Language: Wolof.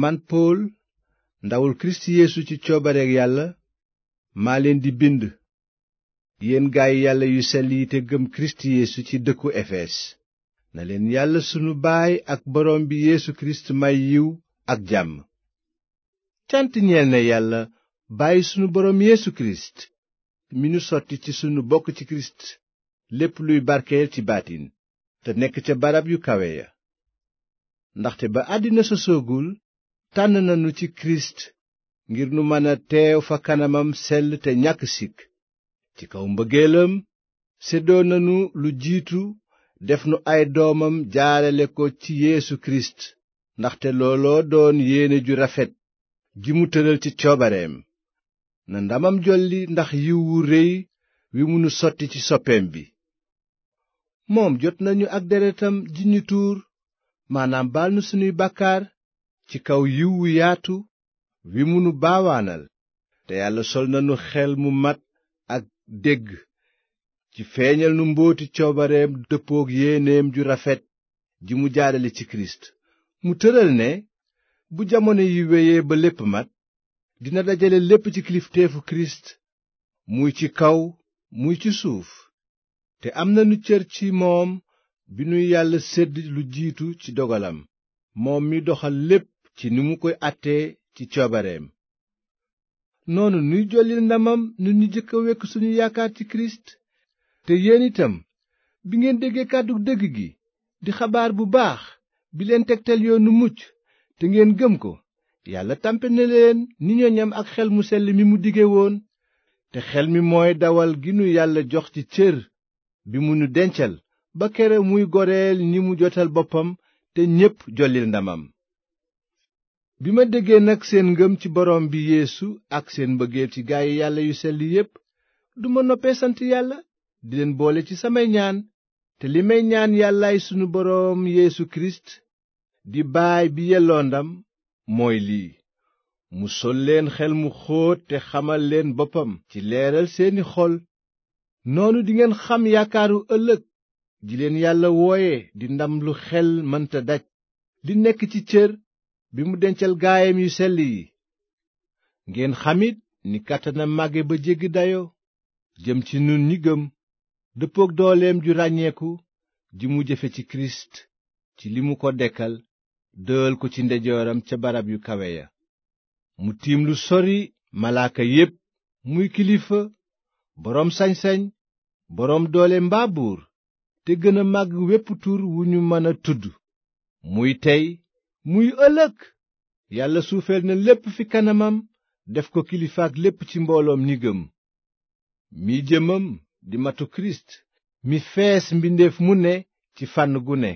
man pool ndawul kirist yéesu ci coobareeg yàlla maa leen di bind yéen gaay yàlla yu sell te gëm kirist yéesu ci dëkku efees na leen yàlla sunu baay ak boroom bi yéesu kirist may yiw ak jàmm cant ñeel na yàlla bàyyi sunu boroom yéesu kirist mi nu sotti ci sunu bokk ci kirist lépp luy barkeel ci baatin te nekk ca barab yu kawe ya ndaxte ba àddina sosoogul tànn nañu ci kirist ngir nu mën a teew fa kanamam sell te ñàkk sikk ci kaw mbëggeelam séddoo nañu lu jiitu def nu ay doomam jaarale ko ci yéesu kirist ndaxte looloo doon yéene ju rafet ji mu tëral ci coobareem na ndamam jolli ndax yiw wu réy wi mu sotti ci soppeem bi moom jot nañu ak deretam ji ñu tuur maanaam baal nu sunuy bàkkaar ci kaw yiwu yaatu wi mu baawaanal te yàlla sol nanu xel mu mat ak dégg ci feeñal nu mbooti coobareem dëppook yéeneem ju rafet ji mu jaarale ci kirist mu tëral ne bu jamono yi weyee ba lépp mat dina dajale lépp ci kilifteefu kirist muy ci kaw muy ci suuf te am nanu cër ci moom bi nu yàlla sedd lu jiitu ci dogalam moom mi doxal lépp ci ni mu koy àttee ci coobareem noonu nuy jolli ndamam nu ñu jëkk a wekk suñu yaakaar ci kirist te yéen itam bi ngeen déggee kàddu dëgg gi di xabaar bu baax bi leen tegtal yoonu mucc te ngeen gëm ko yàlla tàmpe na leen ni ñoñam ak xel mu sell mi mu digge woon te xel mi mooy dawal gi nu yàlla jox ci cër bi mu nu dencal ba kere muy goreel ñi mu jotal boppam te ñépp jollil ndamam bi ma déggee nag seen ngëm ci borom bi yeesu ak seen mbëggeel ci gaay yàlla yu selli yépp duma noppee sant yàlla di leen boole ci samay ñaan te li may ñaan yàllaay sunu boroom yéesu kirist di baay bi yelloo ndam mooy lii mu sol leen xel mu xóot te xamal leen boppam ci leeral seeni xol noonu dingeen xam yaakaaru ëllëg ji leen yàlla wooye di ndam lu xel mënta daj li nekk ci cër bi mu dencal gaayam yu sell yi ngeen xamit ni kàttanam màgge ba jeg dayo jëm ci nun ñi gëm dëppook dooleem ju ràññeeku ji mu jëfe ci kirist ci li mu ko dekkal dëal ko ci ndeyjooram ca barab yu kawe ya mu tiim lu sori malaaka yépp muy kilifa boroom sañsañ boroom doole mbaa buur te gën a màgg wépp tur wu ñu mën a tudd muy tey muy ëllëg yàlla suufeel na lépp fi kanamam def ko kilifaak lépp ci mbooloom ñi gëm mi jëmam di matu kirist mi fees mbindeef mu ne ci fànn gu ne